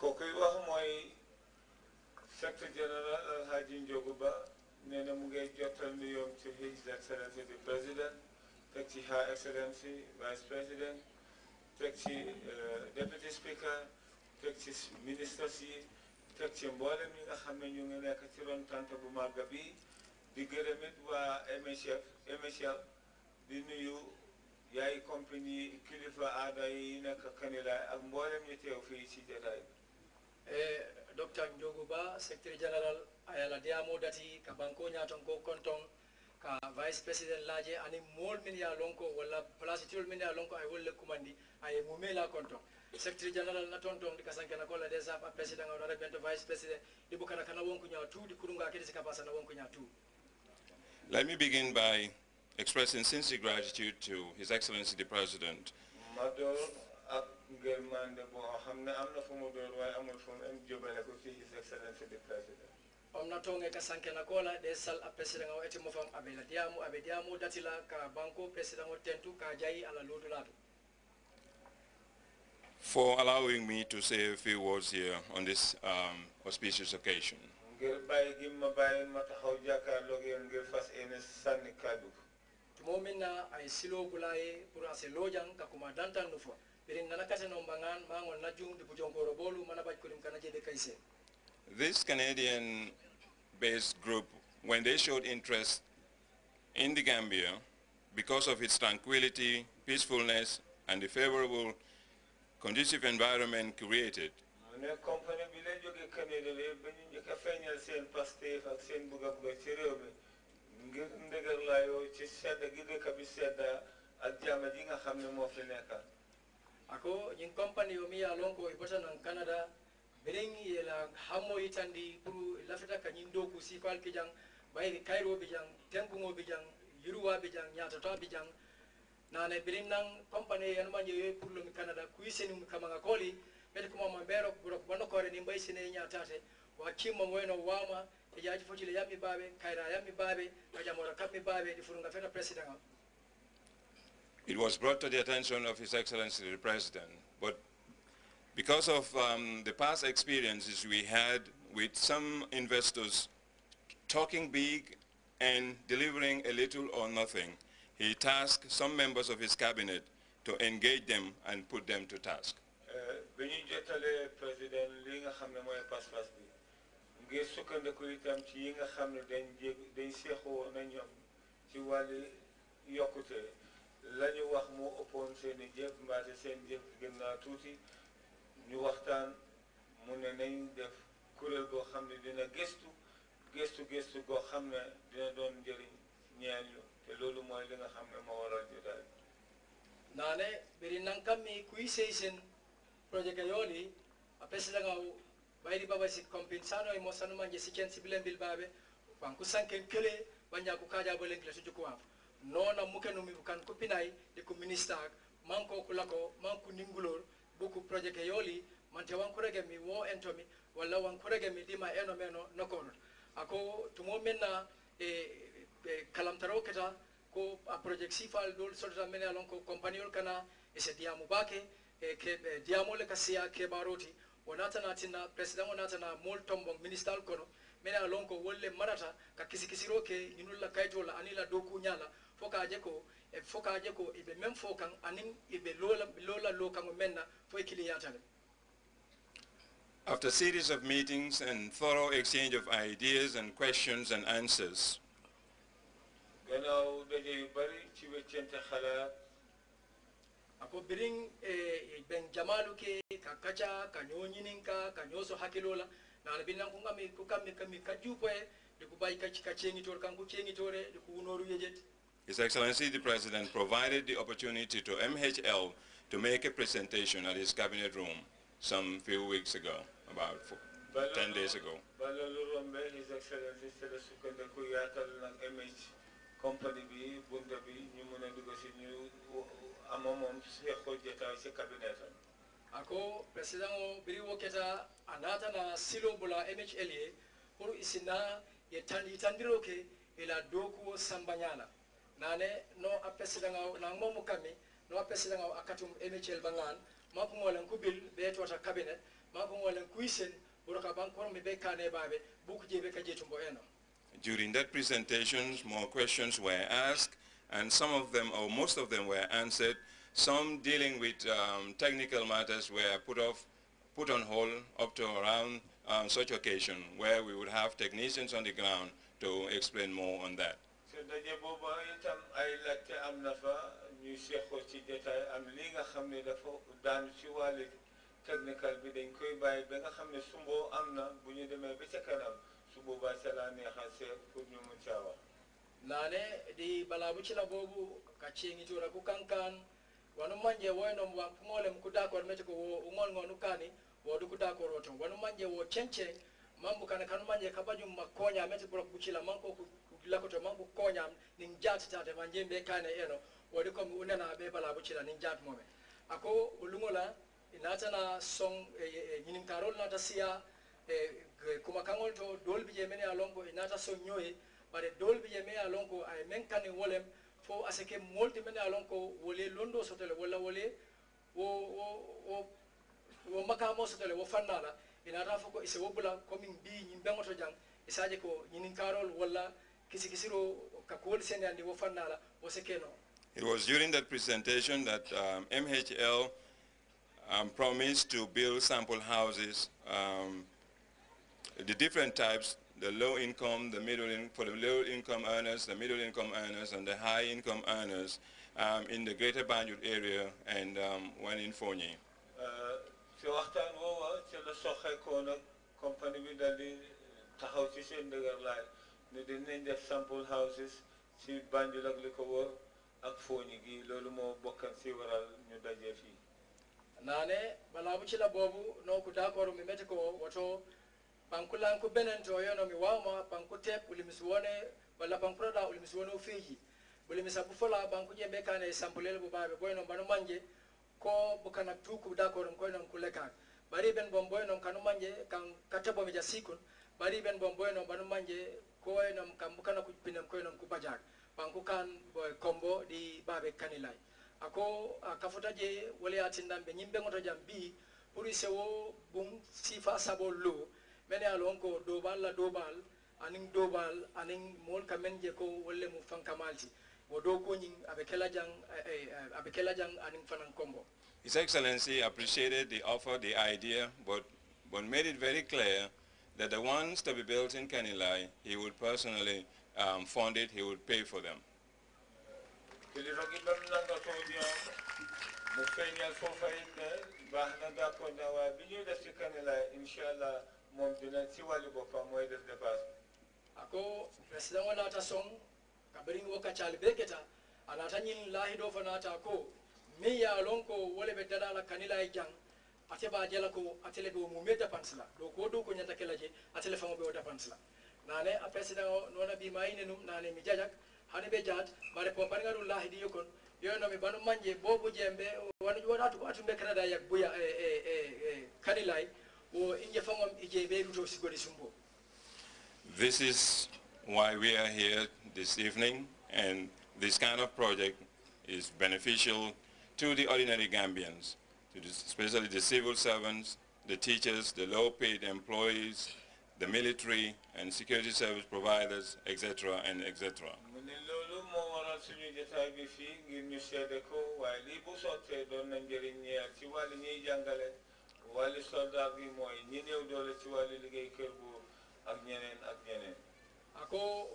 kookuy wax mooy secrétaire général Alhaji Njogu Ba nee na mu ngi jotal nuyoom ci His Excellency di président teg ci Her Excellency vice président teg ci euh, deputy speaker teg ci ministres yi teg ci mboolem yi nga xam ne ñu ngi nekk ci ron tànt bu màgg bi di gërëmit waa MHF MHF di nuyu yaay compagnie kilifa aada yi nekk Kanilai ak mboolem ñu teew fii ci jotaay bi Eh, Dr. Njoguba, Secretary General Ayala Diamo Dati, ka Vice President Laje, ani wala kumandi, Secretary General kasankana kola desa, President Vice President, kurunga Let me begin by expressing sincere gratitude to His Excellency the President. Madam, ak xam ne am na fu mu waaye amul fu mu jëbale ko his excellence président ka sanke na kola de sal a president o mofam diamu abe diamu ka banko president o tentu ka jayi ala lodu for allowing me to say a few words here on this um, auspicious occasion. Tumomena ay silo gulaye pura se lojan kakumadanta nufwa. This Canadian-based group, when they showed interest in the Gambia, because of its tranquility, peacefulness, and the favorable conducive environment created, ako yung company yo miŋ ye a loŋ i bota naŋ canada biriŋ ye la hammo yitandi pour lafita ka ñiŋ dooku siifaal ke jaŋ bayiri kayiro bi jaŋ tenkuŋo bi jaŋ yiruwa bi jaŋ ñaatata bi jaŋ naane biriŋ naŋ company yanuma je yo pour lomi canada kuyi seniŋ kamaŋa kooli bete kuma ma bero burok banokore ni mbai sine nyatate wakima mweno wama ejaji fotile yami babe kaira yami babe kajamora kami babe difurunga fena president It was brought to the attention of His Excellency the President, but because of um, the past experiences we had with some investors talking big and delivering a little or nothing, he tasked some members of his cabinet to engage them and put them to task. Uh, la ñu wax mu ëppoon seen i jëf seen jëf gën naa tuuti ñu waxtaan mu ne nañ def kuréel goo xam ne dina gëstu gëstu gëstu goo xam ne dina doon njëriñ ñeel te loolu mooy li nga xam ne moo waral jotaay naane beri nankami kuisei sen projet yoli apesi daga bayri baba si compensano e mosanu manje sikensi bilen bilbabe wanku sanken kele banyaku kaja le kile sujuku wafu nona mukenu mi kan ko pinay de ko minister manko kulako manku ningulor buku project yoli mante wankurege mi wo entomi wala wankurege mi dima eno meno nokon ako tumo menna e, e kalamtaro keta ko a project sifal dol sorta mena lon ko compagniol kana e se diamu bake e ke e, diamu le kasia ke baroti wonata na tinna president wonata na mol tombong minister kono mena lon ko wolle marata ka kisikisiro ke ninulla kaytola anila doku nyala fo ka e e be men anin e be lola lola menna fo After series of meetings and thorough exchange of ideas and questions and answers, his Excellency the President provided the opportunity to MHL to make a presentation at his cabinet room some few weeks ago, about four, 10 days ago. ako president o biri wo keta a naata na silo bula mhl ye pour i sinna ye tandiro ke ila dokuwo sambaɲa la nane no momu kami no akatum bangan be cabinet be kane babe buku jebe ka eno During that presentation, more questions were asked, and some of them, or most of them, were answered. Some dealing with um, technical matters were put off, put on hold up to around um, such occasion, where we would have technicians on the ground to explain more on that. te daje booba itam ay laajte am na fa ñuy seqoo ci jotaay am li nga xam ne dafa daanu ci wàllu technical bi dañ koy bàyyi ba nga xam ne sumboo am na bu ñu demee ba ca kanam su boobaa ca laa neexal see pour ñu mun caa wax naane ɗi balabu cila bobu ka ceŋitura ku kankan wanu manje woynom wan kumolem kudakor mete ko wo uŋol ŋo nukani wodu kudakor woto wanu manje wo ceŋceŋ mambu kana kanu manje kabajum makkoña mete buro kucila manko ku lakotomo bu koñam nin jatitata ma manjembe kane eno wodi comme unana ɓe bala ni nin jatmoɓe ako lugola natana son ñininkarol nata siya e kuma kaŋol to dolbi je mene a lon ko e nata son bare dolbi je mene a lon ko men kane wolem fo aseke molti mene a lon wole londo sotole walla wole wo wo wo wo makamo sotele wo fannala inata fo ko ise mbi nyimbe ngoto jang isaje ko ñininkarol walla It was during that presentation that um, MHL um, promised to build sample houses, um, the different types, the low income, the middle in, for the low income earners, the middle income earners, and the high income earners um, in the greater Banjul area and um, one in Fonyi. Uh, ñu dañ leen def sample houses si Banjul ak li ko wër ak fooñi gi loolu moo bokkan si waral ñu daje fii naane balaa mu ci la boobu noo ku d'accord mi meti ko woto bankulanku benente o yono mi wawma banku tep ulimisi wone walla bankuroɗa ulimisi wone o fiiji ulimisa bufola banku ƴemɓe kane sampulele bo baɓe ɓoy noon bano manje ko bokana tuku d'accord m koye noon kulle kan bari ɓen bon ɓoy noon kanu manje kan katteɓomi ja sikun bari ɓen bon ɓoy noon bano manje kam ku pinam koy ku bajak banku kan eh, boy di babe kanilai ako ah, kafuta je nyimbe ngoto puri sewo sifa sabo mene dobal la dobal dobal mol kamen je ko mu wodo ko nyin jang eh, eh, jang fanan His Excellency appreciated the offer, the idea, but, but made it very clear that the ones to be built in Kenilai, he would personally um, fund it, he would pay for them. ako president song beketa anata nyin mi ya la kanila ate ba ko atele mu meta pansla do ko do ko atele fango be pansla nane a president bi nane mi jajak hane be jat bare ko lahi di yokon yo no mi banu manje bobu jembe wani to atu be kanada yak buya e eh, e eh, e eh, kanilai o inje be ruto sumbo this is why we are here this evening and this kind of project is beneficial to the ordinary Gambians especially the civil servants, the teachers, the low-paid employees, the military and security service providers, etc. and etc. ako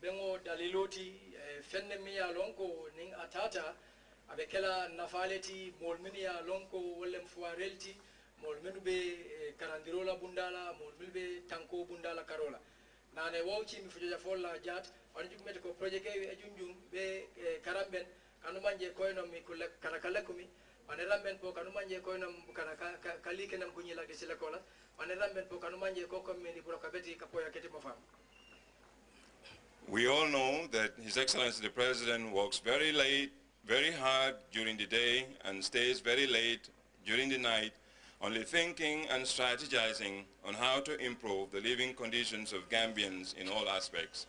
bengo daliloti eh, lonko ning atata nafaleti ya lonko eh, karandirola bundala tanko bundala karola jat eh, kanumanje po kanumanje po kanumanje mini We all know that His Excellency the President works very late very hard during the day and stays very late during the night, only thinking and strategizing on how to improve the living conditions of Gambians in all aspects.